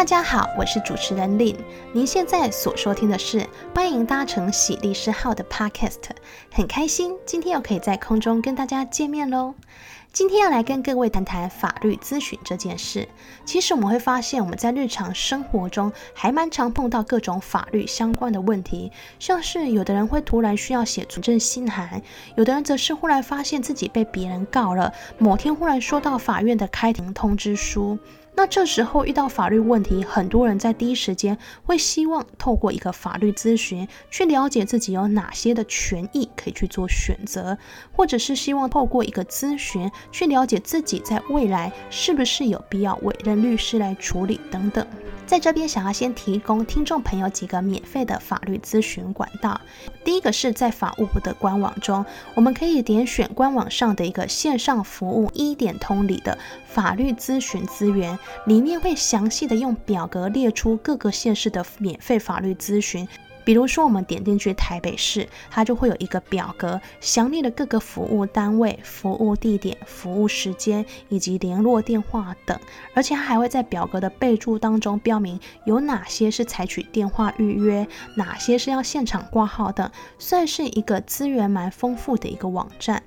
大家好，我是主持人 Lin。您現在所收聽的是歡迎搭乘喜律師號的 Podcast，很開心今天又可以在空中跟大家見面嘍。今天要來跟各位談談法律諮詢這件事。其實我們會發現，我們在日常生活中還蠻常碰到各種法律相關的問題，像是有的人會突然需要寫存證信函，有的人則是忽然發現自己被別人告了，某天忽然收到法院的開庭通知書。那這時候遇到法律問題，很多人在第一時間會希望透過一個法律諮詢，去了解自己有哪些的權益可以去做選擇，或者是希望透過一個諮詢，去了解自己在未來是不是有必要委任律師來處理等等。在這邊想要先提供聽眾朋友幾個免費的法律諮詢管道，第一個是在法務部的官網中，我們可以點選官網上的一個線上服務一點通裡的。法律諮詢資源裡面會詳細的用表格列出各個縣市的免費法律諮詢，比如說我們點進去台北市，它就會有一個表格，詳列了各個服務單位、服務地點、服務時間以及聯絡電話等，而且它還會在表格的備註當中標明有哪些是採取電話預約，哪些是要現場掛號等，算是一個資源蠻豐富的一個網站。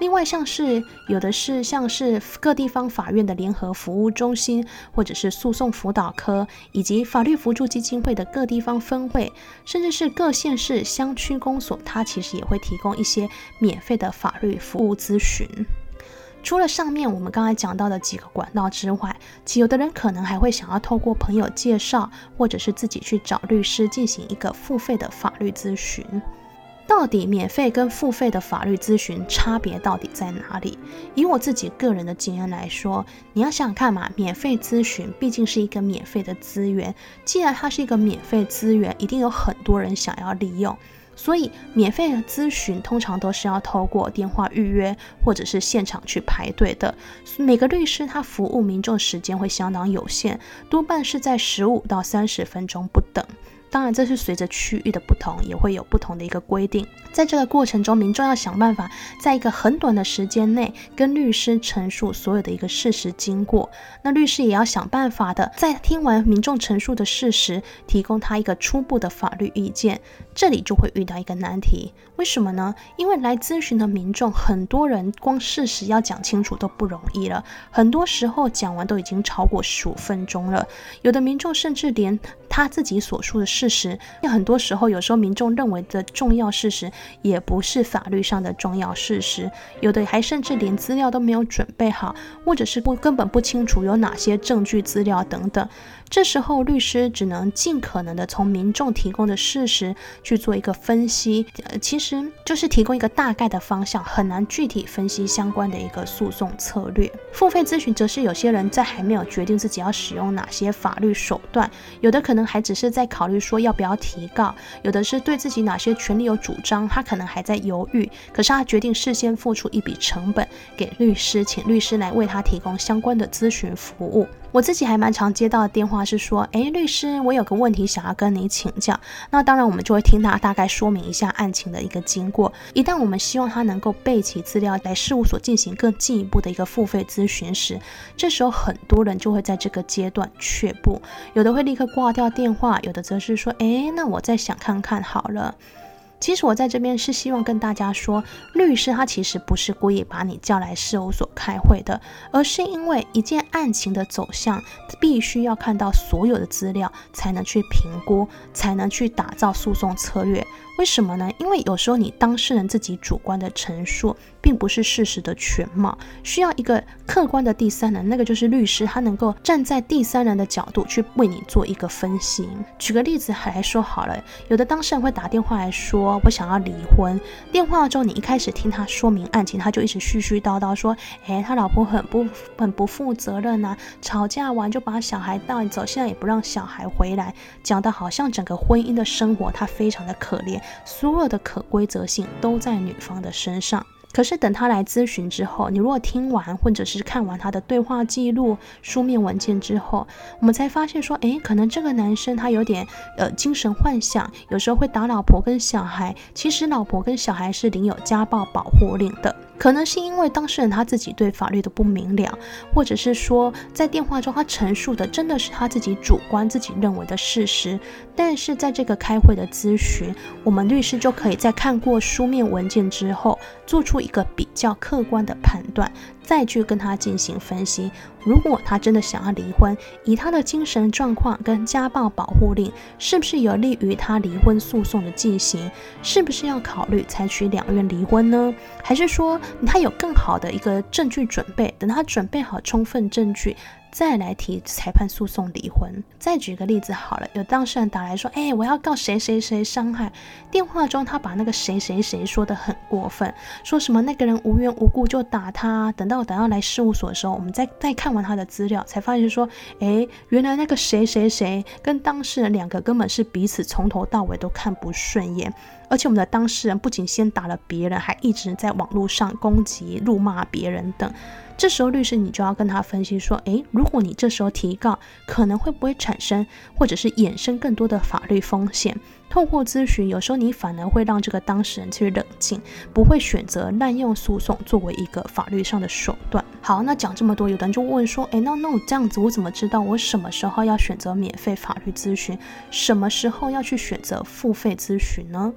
另外，像是有的是像是各地方法院的聯合服務中心，或者是訴訟輔導科，以及法律扶助基金會的各地方分會，甚至是各縣市鄉區公所，它其實也會提供一些免費的法律服務諮詢。除了上面我們剛才講到的幾個管道之外，其實有的人可能還會想要透過朋友介紹，或者是自己去找律師進行一個付費的法律諮詢。到底免費跟付費的法律諮詢差別到底在哪裡？以我自己個人的經驗來說，你要想看嘛，免費諮詢畢竟是一個免費的資源，既然它是一個免費資源，一定有很多人想要利用。所以，免費的諮詢通常都是要透過電話預約或者是現場去排隊的。每個律師他服務民眾時間會相當有限，多半是在十五到三十分鐘不等。當然，這是隨着區域的不同，也會有不同的一個規定。在這個過程中，民眾要想辦法，在一個很短的時間內跟律師陳述所有的一個事實經過。那律師也要想辦法的，在聽完民眾陳述的事實，提供他一個初步的法律意見。這裡就會遇到一個難題，為什麼呢？因為來諮詢的民眾，很多人光事實要講清楚都不容易了，很多時候講完都已經超過十五分鐘了。有的民眾甚至連他自己所述的事實，很多時候，有時候民眾認為的重要事實，也不是法律上的重要事實。有的還甚至連資料都沒有準備好，或者是不，根本不清楚有哪些證據資料等等。這時候，律師只能盡可能的從民眾提供的事實去做一個分析，呃，其實就是提供一個大概的方向，很難具體分析相關的一個訴訟策略。付費諮詢則是有些人在還沒有決定自己要使用哪些法律手段，有的可能。還只是在考慮說要不要提告，有的是對自己哪些權利有主張，他可能還在猶豫。可是他決定事先付出一筆成本，給律師，請律師來為他提供相關的諮詢服務。我自己還蠻常接到的電話是說，哎，律師，我有個問題想要跟你請教。那當然，我們就會聽他大概說明一下案情的一個經過。一旦我們希望他能夠備齊資料來事務所進行更進一步的一個付費諮詢時，這時候很多人就會在這個階段卻步，有的會立刻掛掉電話，有的則是說，哎，那我再想看看好了。其實我在這邊是希望跟大家說，律師他其實不是故意把你叫來事務所開會的，而是因為一件案情的走向，必須要看到所有的資料，才能去評估，才能去打造訴訟策略。為什麼呢？因為有時候你當事人自己主觀的陳述並不是事實的全貌，需要一個客觀的第三人，那個就是律師，他能夠站在第三人的角度去為你做一個分析。舉個例子還來說好了，有的當事人會打電話來說：“我想要離婚。”電話中你一開始聽他說明案情，他就一直絮絮叨叨說：“哎，他老婆很不很不負責任啊，吵架完就把小孩帶走，現在也不讓小孩回來，講得好像整個婚姻的生活他非常的可憐。”所有的可歸責性都在女方的身上。可是等他來諮詢之後，你如果聽完或者是看完他的對話記錄、書面文件之後，我們才發現說，哎，可能這個男生他有點呃精神幻想，有時候會打老婆跟小孩。其實老婆跟小孩是領有家暴保護令的。可能是因為當事人他自己對法律的不明了，或者是說在電話中他陳述的真的是他自己主觀自己認為的事實，但是在這個開會的諮詢，我們律師就可以在看過書面文件之後，做出一個比較客觀的判斷，再去跟他進行分析。如果他真的想要離婚，以他的精神狀況跟家暴保護令，是不是有利於他離婚訴訟的進行？是不是要考慮採取兩願離婚呢？還是說他有更好的一個證據準備？等他準備好充分證據。再來提裁判訴訟離婚，再舉個例子好了，有當事人打來說，哎、欸，我要告誰誰誰傷害。電話中他把那個誰誰誰說得很過分，說什麼那個人無緣無故就打他。等到等到來事務所的時候，我們再再看完他的資料，才發現說，哎、欸，原來那個誰誰誰跟當事人兩個根本是彼此從頭到尾都看不順眼。而且我們的當事人不僅先打了別人，還一直在網絡上攻擊、辱罵別人等。這時候，律師你就要跟他分析說，誒，如果你這時候提告，可能會不會產生或者是衍生更多的法律風險？透過諮詢，有時候你反而會讓這個當事人去冷靜，不會選擇濫用訴訟作為一個法律上的手段。好，那講這麼多，有的人就問說，哎，那那我這樣子，我怎麼知道我什麼時候要選擇免費法律諮詢，什麼時候要去選擇付費諮詢呢？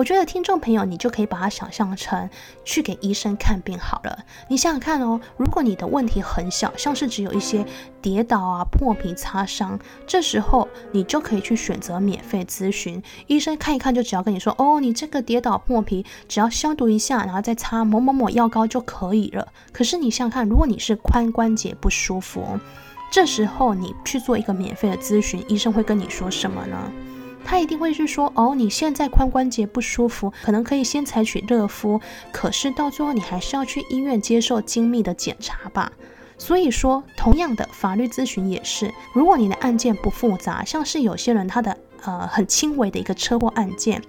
我覺得聽眾朋友，你就可以把它想象成去給醫生看病好了。你想想看哦，如果你的問題很小，像是只有一些跌倒啊、破皮擦傷，這時候你就可以去選擇免費諮詢。醫生看一看，就只要跟你說，哦，你這個跌倒破皮，只要消毒一下，然後再擦某某某藥膏就可以了。可是你想想看，如果你是髖關節不舒服，這時候你去做一個免費的諮詢，醫生會跟你說什麼呢？他一定會是說，哦，你現在髖關節不舒服，可能可以先採取熱敷，可是到最後你還是要去醫院接受精密的檢查吧。所以說，同樣的法律諮詢也是，如果你的案件不複雜，像是有些人他的呃很輕微的一個車禍案件，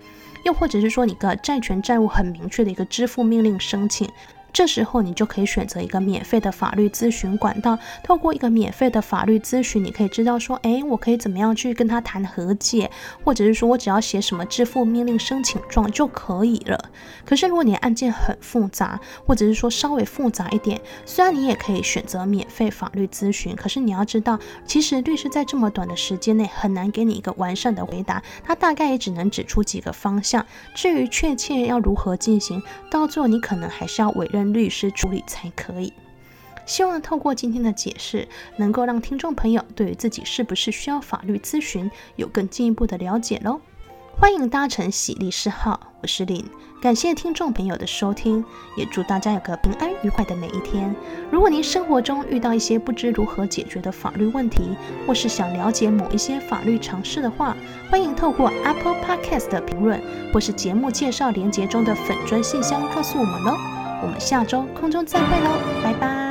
又或者是說你的債權債務很明確的一個支付命令申請。這時候你就可以選擇一個免費的法律諮詢管道，透過一個免費的法律諮詢，你可以知道說，哎，我可以怎麼樣去跟他談和解，或者是說我只要寫什麼支付命令申請狀就可以了。可是如果你案件很複雜，或者是說稍微複雜一點，雖然你也可以選擇免費法律諮詢，可是你要知道，其實律師在這麼短的時間內很難給你一個完善的回答，他大概也只能指出幾個方向。至於確切要如何進行，到最後你可能還是要委任。跟律師處理才可以。希望透過今天的解釋，能夠讓聽眾朋友對於自己是不是需要法律諮詢有更進一步的了解嘍。歡迎搭乘喜律師號，我是林。感謝聽眾朋友的收聽，也祝大家有個平安愉快的每一天。如果您生活中遇到一些不知如何解決的法律問題，或是想了解某一些法律常識的話，歡迎透過 Apple Podcast 的評論或是節目介紹連結中的粉專信箱告訴我們嘍。我們下周空中再會嘍，拜拜。